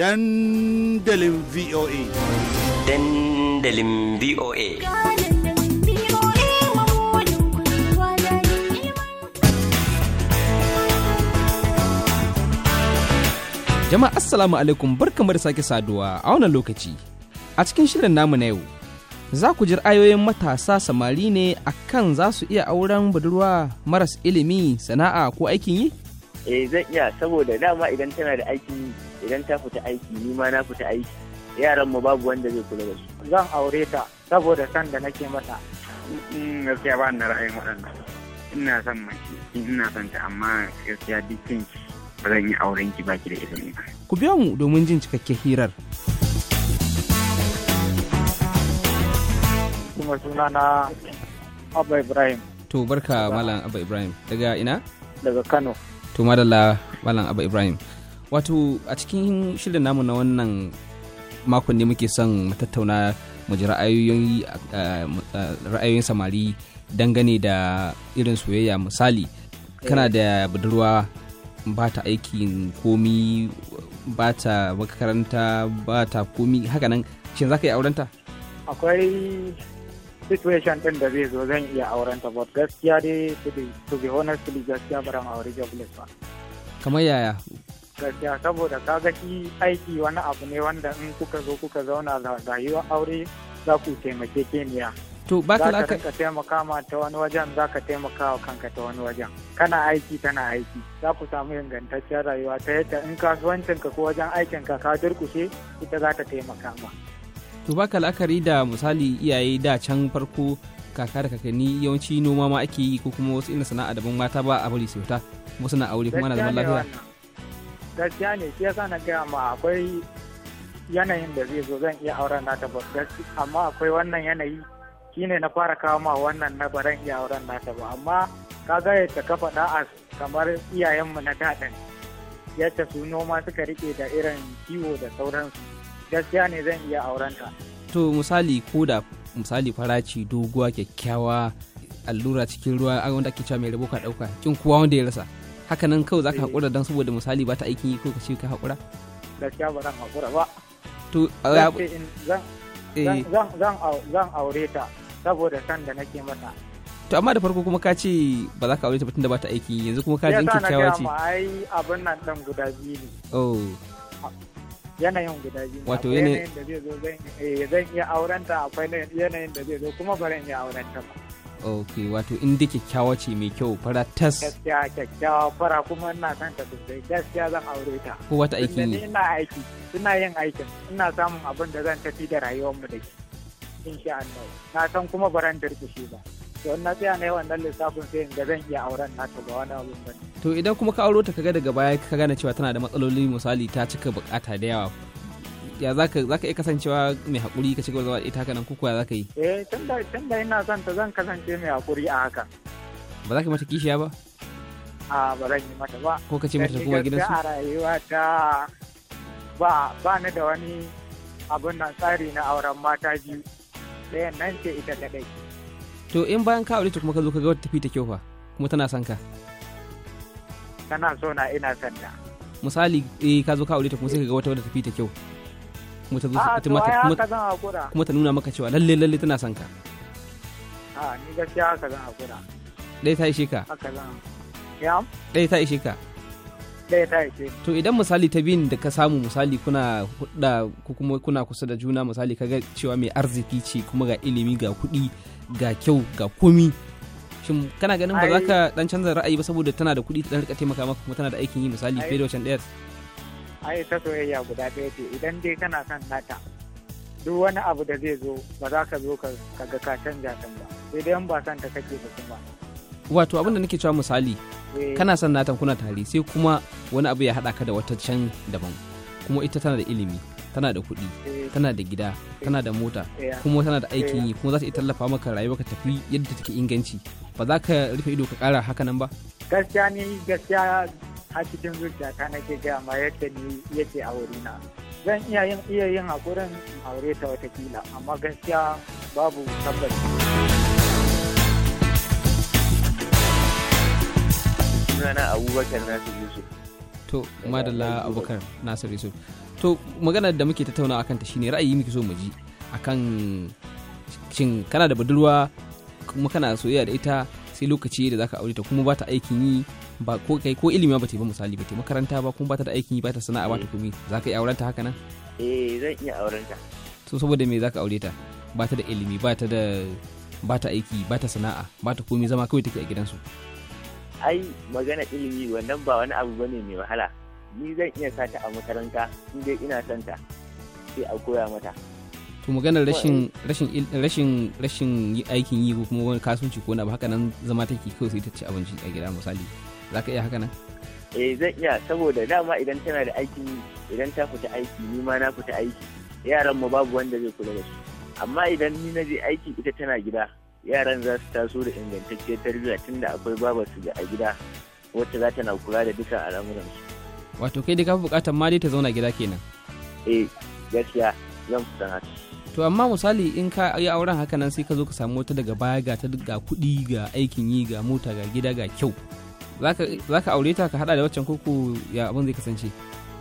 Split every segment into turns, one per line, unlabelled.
dandalin VOA. Dandalin VOA. Jama'a
Assalamu alaikum barkamu da sake saduwa a wannan lokaci. A cikin shirin namu na yau, za ku ji ayoyin matasa samari ne a kan za su iya auren budurwa maras ilimi sana'a ko aikin yi?
Eh zan iya saboda dama idan tana da aikin yi idan ta fita aiki ni ma na fita aiki yaran mu babu wanda zai kula da su zan aure ta saboda san da nake mata mm, gaskiya ba na ra'ayin waɗannan
ina son mace ina son ta amma gaskiya dukkan ba zan yi auren ki baki da izini ba
ku biya mu domin jin cikakken hirar kuma suna na Abba Ibrahim. To barka Malam Abba Ibrahim daga ina? Daga Kano. To madalla Malam Abba Ibrahim. wato a cikin shirin namu na wannan makon ne muke son matattauna tattauna mu ji eh, eh, ra'ayoyin samari dangane da irin soyayya misali kana da budurwa ba ta aikin komi ba ta makaranta ba ta komi hakanan shin za ka yi aurenta
akwai situation din da zai zo zan iya aurenta but gaskiya dai to be honest to be gaskiya baran aure jobless ba kamar yaya gaskiya saboda kaga shi aiki wani abu ne wanda in kuka zo kuka zauna da rayuwar aure za ku taimake keniya
to ba ka ka
taimaka ma ta wani wajen za ka taimaka wa kanka ta wani wajen kana aiki tana aiki za ku samu ingantaccen rayuwa ta yadda in ka ko wajen aikin ka ka durkushe ita za ta taimaka ma
to ba ka la'akari da misali iyaye da can farko kaka da kakanni yawanci noma ma ake yi ko kuma wasu irin sana'a daban mata ba a bari sauta wasu na aure kuma na zaman lafiya
gaskiya ne shi yasa na gaya ma akwai yanayin da zai zo zan iya auren nata ba amma akwai wannan yanayi shi ne na fara kawo ma wannan na baran iya auren nata ba amma ka ga yadda ka faɗa a kamar iyayenmu na daɗin yadda su noma suka rike da irin kiwo da sauransu gaskiya ne zan iya auren ka.
to misali ko da misali faraci doguwa kyakkyawa allura cikin ruwa a wanda ake cewa mai rabo ka ɗauka kin kowa wanda ya rasa hakanan kawai zaka haƙura don saboda misali ba ta aikin yi ko ka ce ka haƙura
gaskiya ba zan haƙura ba to zan aure ta saboda san da nake mata
to amma da farko kuma ka ce ba za ka aure ta ba tunda ba ta aiki yanzu kuma ka jin kyawa ce
ai abin nan dan guda biyu ne oh yanayin guda biyu wato yanayin da zai zo zan eh, iya auren ta akwai yanayin da zai zo kuma bari zan iya auren ta ba
ok wato in kyakkyawa ce mai kyau fara tas
gaskiya kyakkyawa fara kuma ina son ta sosai gaskiya zan aure ta ko wata aiki ne ina aiki ina yin aikin ina samun abin da zan tafi da rayuwar mu da in sha Allah na san kuma baran durkushe ba to na tsaya na yawan nan lissafin sai in ga zan iya auren ta ba wani abin
ba to idan kuma ka auro ta kaga daga baya ka gane cewa tana da matsaloli misali ta cika bukata da yawa ya zaka zaka iya kasancewa mai hakuri ka cigaba da ita kana nan kuka zaka yi
eh tunda
tunda ina son ta zan kasance mai hakuri a haka
ba za ka mata kishiya ba
a ba zan yi mata ba ko ka ce mata ta koma gidansu a rayuwa ta ba ba ni da wani abun nan tsari na auren mata biyu ɗayan nan ce ita kadai.
to in bayan ka aure ta kuma ka zo ka ga wata tafi ta kyau fa kuma tana son ka
tana so na ina son ta
misali eh ka zo ka aure ta kuma sai ka ga wata wadda tafi ta kyau kuma ta zo kuma ta nuna maka cewa lalle lalle tana son ka
a ni gaskiya haka zan hakura dai ta ishe ka haka zan ya dai ta ishe ka dai ta ishe
to idan misali ta bin da ka samu misali kuna hudda ko kuma kuna kusa da juna misali kaga cewa mai arziki ce kuma ga ilimi ga kuɗi ga kyau ga komi shin kana ganin ba za ka dan canza ra'ayi ba saboda tana da kuɗi ta rika taimaka maka kuma tana da aikin yi misali fiye da wancan ɗaya
ai ta soyayya guda ɗaya ce idan dai kana son nata duk wani abu da zai zo ba za ka zo ka ga ka canja ta ba sai dai ba son ta kake ba kuma
wato abin da nake cewa misali eh. kana son nata kuna tare sai kuma wani abu ya haɗa ka da wata can daban kuma ita tana da ilimi tana da kuɗi eh. tana da gida eh. tana da mota kuma tana da aikin yi kuma za ta iya tallafa maka rayuwa ka tafi yadda take inganci ba za ka rufe ido ka ƙara haka nan ba
gaskiya ni gaskiya har cikin na nake gaya ma yadda ni yake a wurina zan iya yin iya yin hakurin aure ta watakila amma gaskiya babu tabbaci.
sunana abubakar nasir yusuf
to madalla abubakar nasir yusuf to magana da muke tattauna akan ta shine ra'ayi muke so mu ji akan shin kana da budurwa kuma kana soyayya da ita sai lokaci da zaka aure ta kuma ba ta aikin yi ba ko kai ko ilimi ba ta ba misali ba ta makaranta ba kuma ba ta da aikin yi ba ta sana'a ba ta komai za ka iya auren ta haka nan
eh zan iya auren ta
to saboda me za ka aure ta ba ta da ilimi ba ta da ba ta aiki ba ta sana'a ba ta komai zama kawai take a gidansu
ai magana ilimi wannan ba wani abu bane mai wahala ni zan iya sata a makaranta in dai ina son ta sai a koya mata
to maganar rashin rashin rashin rashin aikin yi ko kuma wani kasuwanci ko na ba haka nan zama take kawai sai ta ci abinci a gida misali za ka iya haka nan
eh zan iya saboda dama idan tana da aikin idan ta fita aiki ni ma na fita aiki yaran mu babu wanda zai kula da su amma idan ni na je aiki ita tana gida yaran za su taso da ingantacciyar tarbiyya tunda akwai babar su a gida wacce za ta na kula da duka al'amuran su
wato kai dai ka fi bukatar ma dai ta zauna gida kenan
eh gaskiya zan fita
to amma misali in ka yi auren haka nan sai ka zo ka samu wata daga baya ga ta ga kuɗi ga aikin yi ga mota ga gida ga kyau za ka aure ta ka hada da waccan kuku ya abin zai kasance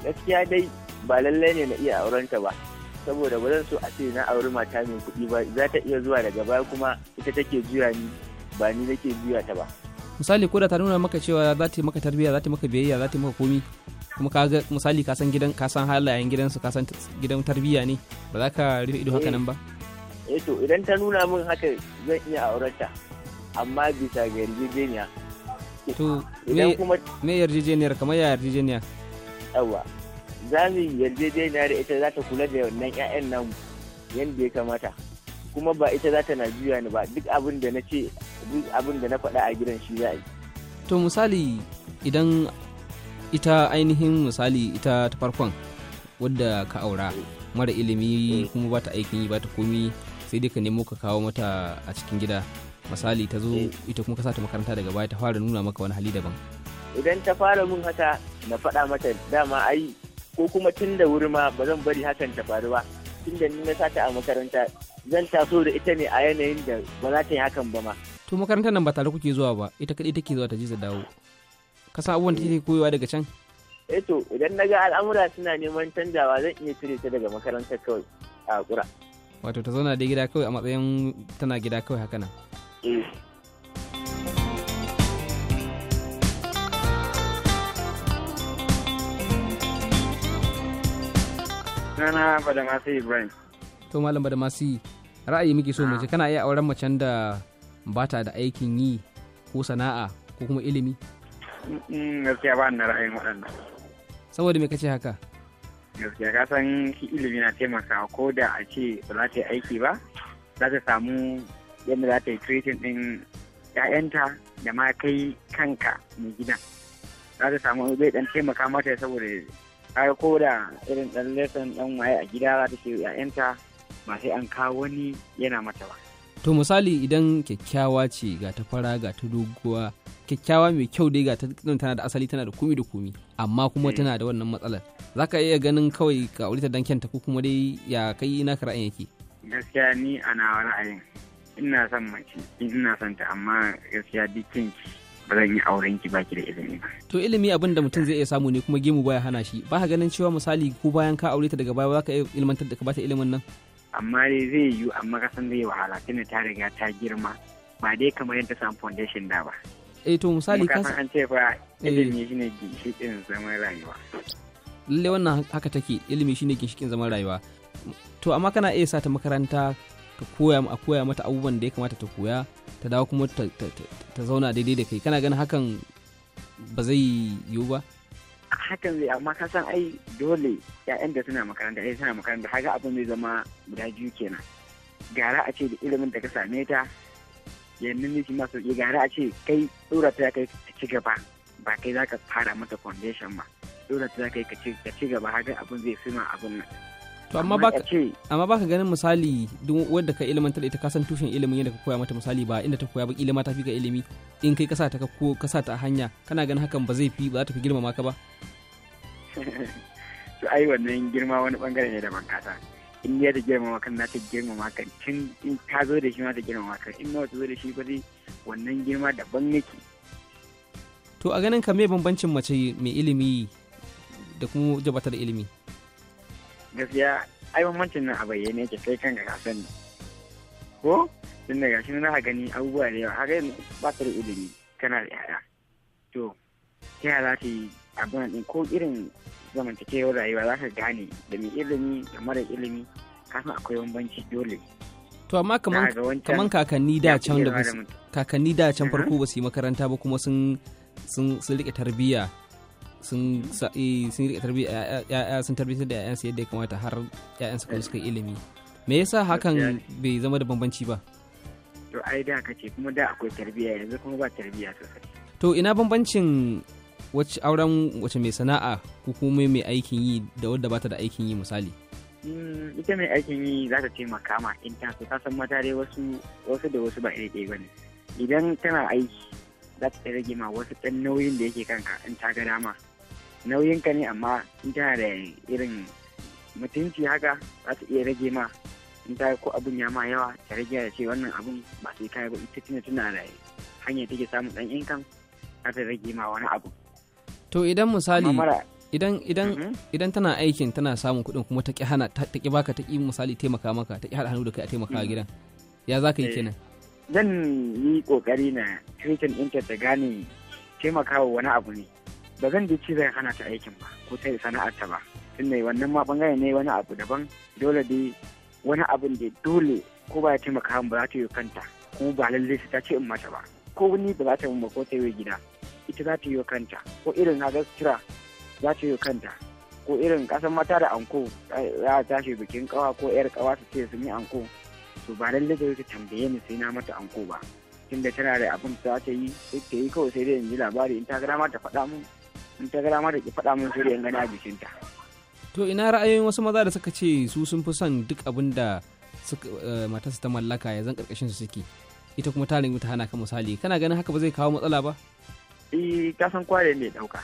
gaskiya dai ba lallai ne na iya auren ta ba saboda ba zan so a ce na auri mata min kuɗi ba za ta iya zuwa daga baya kuma ita take juya ni ba ni nake juya ta ba
misali ko da ta nuna maka cewa za ta maka tarbiyya za ta maka biyayya za ta maka komi kuma ka ga misali ka san gidan ka san halayen gidansu ka san gidan tarbiyya ne ba za ka rufe ido haka nan ba
eh, eh to idan ta nuna min haka zan iya aurenta, amma bisa ga yarjejeniya
to me yarjejeniyar kamar ya yarjejeniya
yawa za mu yarjejeniya da ita za ta kula da wannan 'ya'yan nan yadda ya kamata kuma ba ita za ta na juya ni ba duk abin da na ce duk abin da na faɗa a gidan shi za yi
to misali idan ita ainihin misali ita ta farkon wadda ka aura mara ilimi mm. kuma ba ta aikin yi ba ta komi sai dai ka nemo ka kawo mata a cikin gida misali ta zo ita kuma ka sa ta makaranta daga baya ta fara nuna maka wani hali daban
idan ta fara mun haka na faɗa mata dama ai ko kuma tun da wuri ma ba zan bari hakan ta faru ba tun da ni na sata a makaranta zan taso da ita ne a yanayin da ba za ta yi hakan ba ma
to makarantar nan ba tare kuke zuwa ba ita kadai take zuwa ta ji ta dawo ka abubuwan ta take koyewa daga can
eh to idan na ga al'amura suna neman canjawa zan iya cire ta daga makarantar kawai a kura
wato ta zauna da gida kawai a matsayin tana gida kawai haka nan
Sunana Badamasi Ibrahim.
To Malam Badamasi, ra'ayi muke so mace ah. kana iya auren macen da ba ta da aikin yi ko sana'a ko kuma ilimi?
Mm, mm, gaskiya ba na ra'ayin waɗannan.
Saboda me kace haka?
Gaskiya ka san ilimi na taimakawa ko da a ce ba za ta yi aiki ba, za ta samu yadda za ta yi tretin din ‘ya'yanta da ma kai kanka mai gida za ta samu zai dan taimaka mata saboda kaga ko da irin dan lesson dan waye a gida za ta ce ‘ya'yanta ba sai an kawo wani yana mata ba.
To misali idan kyakkyawa ce ga ta fara ga ta doguwa kyakkyawa mai kyau dai ga ta tana da asali tana da kumi da kumi amma kuma eh. tana da wannan matsalar za ka iya ganin kawai ka aure ta dan kyanta ko kuma dai ya kai naka ra'ayin yake.
Gaskiya ni ana ra'ayin ina son mace ina son ta amma gaskiya dukkan ki ba zan yi auren ki baki da ilimi
ba to ilimi abin da mutum zai iya samu ne kuma gemu baya hana shi ba ka ganin cewa misali ko bayan ka aure ta daga baya za ka iya ilmantar da ka bata ilimin nan
amma dai zai yiwu amma kasan zai wahala tunda ta riga ta girma ba dai kamar yadda samu foundation da ba
eh to misali ka san
ce fa ilimi eh. shine ginshikin zaman rayuwa
lalle wannan haka take ilimi shine ginshikin zaman rayuwa to amma kana iya sata makaranta ka koya a koya mata abubuwan da ya kamata ta koya ta dawo kuma ta, zauna daidai da kai kana ganin hakan ba zai yiwu ba
hakan zai amma ka san ai dole ƴaƴan da suna makaranta ai eh, suna makaranta haka abin zai zama guda biyu kenan gara a ce da ilimin da ka same ta yanzu ne masu ya gara a ce kai tsura ta kai ka ci gaba ba kai za ka fara mata foundation ba tsura ta kai ka ci gaba haka abin zai suna abin nan to amma baka
amma baka ganin misali duk wanda ka ilmantar ita kasan tushen ilimin yadda ka koya mata misali ba inda ta koya ba ilima ta fi ka ilimi in kai kasa ta ka ko kasa ta hanya kana ganin hakan ba zai fi ba za ta fi girmama ka ba
to ai wannan girma wani bangare ne da ban kasa in ya da girmama kan na ta girmama kan tun in ta zo da shi ma ta girmama kan in ma ta zo da shi ba zai wannan girma daban yake
to a ganin ka me bambancin mace mai ilimi da kuma jabatar ilimi
gaskiya ai bambancin nan a bayyane yake kai kanka ka sani ko tun daga shi na gani abubuwa da yawa har yanzu ba ta da ilimi kana da yaya to ta yaya za ta yi abin din ko irin zamantakewar rayuwa za ka gane da mai ilimi da mara ilimi kasan akwai bambanci dole
to amma kaman kakanni da can da kakanni da can farko ba su yi makaranta ba kuma sun sun rike tarbiyya sun eh, sun rika tarbiyya sun tarbiyyar da ƴaƴansu yadda ya kamata har ƴaƴansu kuma suka yi ilimi me yasa hakan bai zama da bambanci ba
to ai da kace ce kuma da akwai tarbiyya yanzu kuma ba tarbiyya sosai
to ina bambancin wacce auren wacce mai sana'a ko kuma mai aikin yi da wadda bata da aikin yi misali
mm,
ita mai aikin yi za ta taimaka ma in ta so ta san mata dai wasu wasu da wasu ba iri ɗaya ba ne idan tana aiki za ta rage ma wasu ɗan nauyin da yake kanka in ta ga dama nauyinka ne amma in tana da irin mutunci haka za ta iya rage ma in ta ko abin ya ma yawa ta rage da ce wannan abin ba sai kai ba ita tuna tuna da hanyar take samun dan inkan za ta rage ma wani abu
to idan misali idan idan mhm. idan tana aikin tana samun kuɗin kuma ta ki hana ta ki baka ta ki misali taimaka maka ta ki hada hannu da kai a taimaka mhm. gidan ya za ka yi eh. kenan
zan yi kokari na kirkin ɗinta ta gane taimakawa wani abu ne ba zan da cizon zai hana ta aikin ba ko ta sana'ar ta ba Tun ne wannan ma bangare ne wani abu daban dole dai wani abin da dole ko ba ya taimaka ba za ta yi kanta Ko ba lallai su ta ce in mata ba ko wani ba za ta yi ko ta yi gida ita za ta yi kanta ko irin na gaskiya za ta yi kanta ko irin kasan mata da anko za ta tashi bikin kawa ko yar kawa su ce sun yi anko to ba lallai da ta tambaye ni sai na mata anko ba tunda tana da abin da za ta yi sai ta yi kawai sai dai in ji labari in ta gara ma ta faɗa mun in ta gara ma ki faɗa min sai gana gani jikinta.
to ina ra'ayoyin wasu maza da suka ce su sun fi son duk abin da eh, matarsa ta mallaka ya zan karkashin su suke ita kuma ta tarin ta hana ka misali kana ganin haka ba zai kawo matsala ba
eh ka san kware ne dauka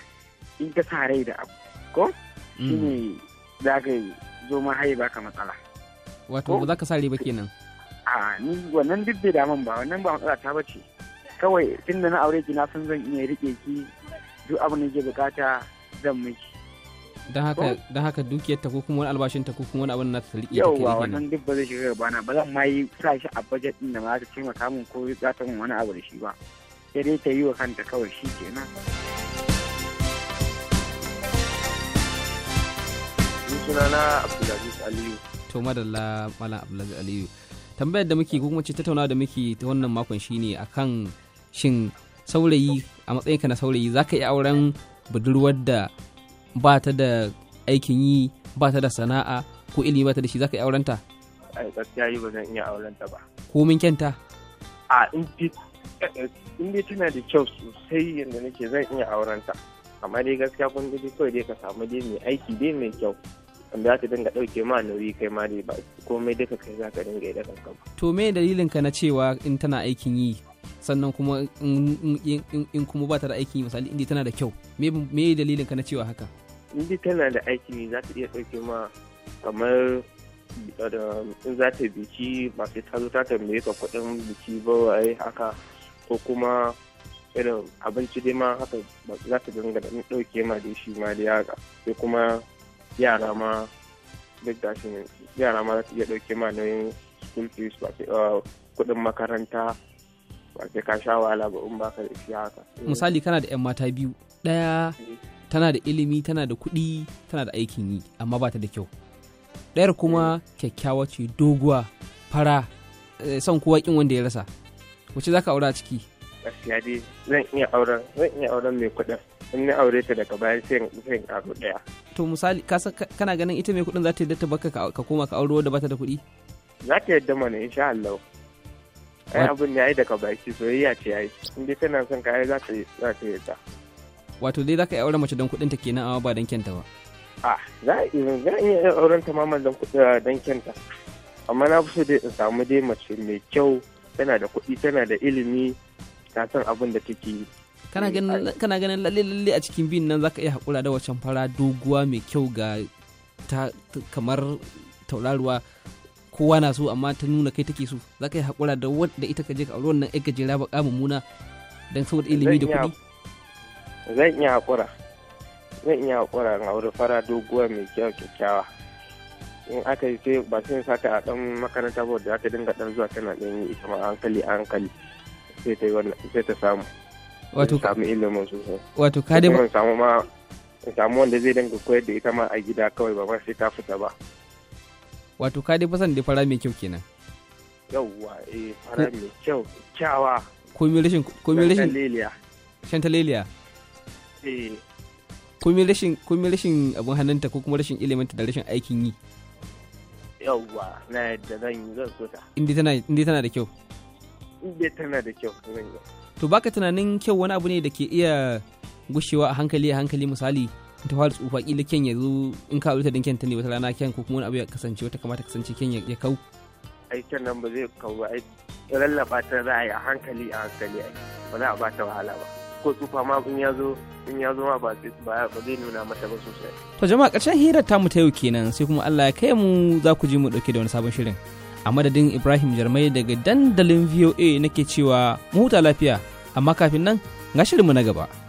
in ka sa rai da abu ko mm. shine za ka
zo ma haye baka matsala wato ba za ka sa rai ba kenan
a ni wannan duk bai damun ba wannan ba matsala ta bace kawai tunda na aure ki na san zan iya rike ki duk abin da ke bukata zan miki
don haka don dukiyar ta ko kuma wani albashin ta ko kuma wani abin na ta liƙe yau ba wannan
duk ba zai shiga gabana ba zan ma yi sa shi a budget din da ma za ta taimaka min ko za ta min wani abu da shi ba sai dai ta yi wa kanta kawai shi kenan
sunana Abdulaziz Aliyu
to madalla malam Abdulaziz Aliyu tambayar da muke ko kuma ce tattaunawa da muke ta wannan makon shine akan shin saurayi a matsayinka na saurayi za ka iya auren budurwar da ba ta da aikin yi ba ta da sana'a ko ilimi ba ta da shi za ka iya auren ta?
Ai gaskiya yi ba zan iya auren ta ba.
Ko min kyanta?
A in dai tana da kyau sosai yadda nake zan iya auren ta. Amma dai gaskiya kun dai kawai dai ka samu dai mai aiki dai mai kyau. Wanda za ta dinga ɗauke ma nauyi kai ma dai ba komai duka kai za ka dinga yi da kanka.
To me dalilin ka na cewa in tana aikin yi sannan kuma in kuma ba ta da aiki misali indi tana da kyau me dalilin ka na cewa haka
indi tana da aiki yi za ta iya ɗauke ma kamar um, in za ta biki masu tazo ta zo ta tambaye ka kuɗin biki ba wai haka ko kuma irin abinci dai ma haka za ta dinga da ɗauke ma da shi ma dai yaga sai kuma yara ma duk da shi yara ma za ta iya ɗauke ma nauyin school fees ba uh, kuɗin makaranta ba sai ka sha wahala ba in baka da shi haka misali
kana da yan mata biyu ɗaya tana da ilimi tana da kuɗi tana da aikin yi amma ba ta da kyau ɗayar kuma eh. kyakkyawa ce doguwa fara eh, son kowa kin wanda ya rasa wace zaka aura ciki
gaskiya dai zan iya auren zan iya auren mai kuɗin in na aure ta daga baya sai in karo ɗaya
to misali kana ganin ita mai kuɗin za ta yadda ta baka ka koma ka auro da bata da kuɗi
za ta yadda mana insha Allah Eh, ai abin ya yi daga baki soyayya ce ai inda dai na son ka ai za yi za ka
wato dai za ka yi auren mace don kudin ta kenan awa ba don kyanta ba
a za a iya auren ta mamar don eh, don kyanta amma na fi so dai in samu dai mace mai kyau tana da kuɗi tana da ilimi ta san abin da take yi
kana ganin lalle lalle a cikin bin nan zaka iya haƙura da wacan fara doguwa mai kyau ga ta kamar tauraruwa kowa na so amma ta nuna kai take so za ka yi haƙura da wanda ita ka je ka auri wannan yar gajera ba ƙamun muna don saboda ilimi da kuɗi?
Zan iya haƙura. Zan iya haƙura na auri fara doguwa mai kyau kyakkyawa. In aka yi sai ba sai saka a ɗan makaranta ba da aka dinga ɗan zuwa tana ɗan yi ita ma hankali hankali sai ta sai ta samu. Wato ka samu ilimin sosai. Wato ka dai ba. samu ma samu wanda zai dinga koyar da ita ma a gida kawai ba ma sai ta fita ba.
wato ka dai fasan da fara mai kyau kenan
yauwa eh fara mai kyau kyawa
komai rashin komai rashin shantaleliya eh komi eh komai rashin abun hannunta ko kuma rashin ilimanta da rashin aikin yi
yauwa na yadda zan yi zan sota ta
inda tana inda tana da kyau
inda tana da kyau
to baka tunanin kyau wani abu ne da ke iya gushewa a hankali a hankali misali ta fara tsufa kila ken ya zo in ka ta dinkin ta ne wata rana ken ko kuma wani abu ya kasance wata kamata kasance ken ya kau
aikin nan ba zai kau ba lallaba ta za a yi a hankali a hankali ba za a ba ta wahala ba ko tsufa ma in ya zo in ya zo ma ba ba zai nuna mata ba sosai
to jama'a ƙarshen hirar tamu ta yau kenan sai kuma Allah ya kai mu za ku ji mu dauke da wani sabon shirin a madadin Ibrahim Jarmai daga dandalin VOA nake cewa mu huta lafiya amma kafin nan ga shirinmu na gaba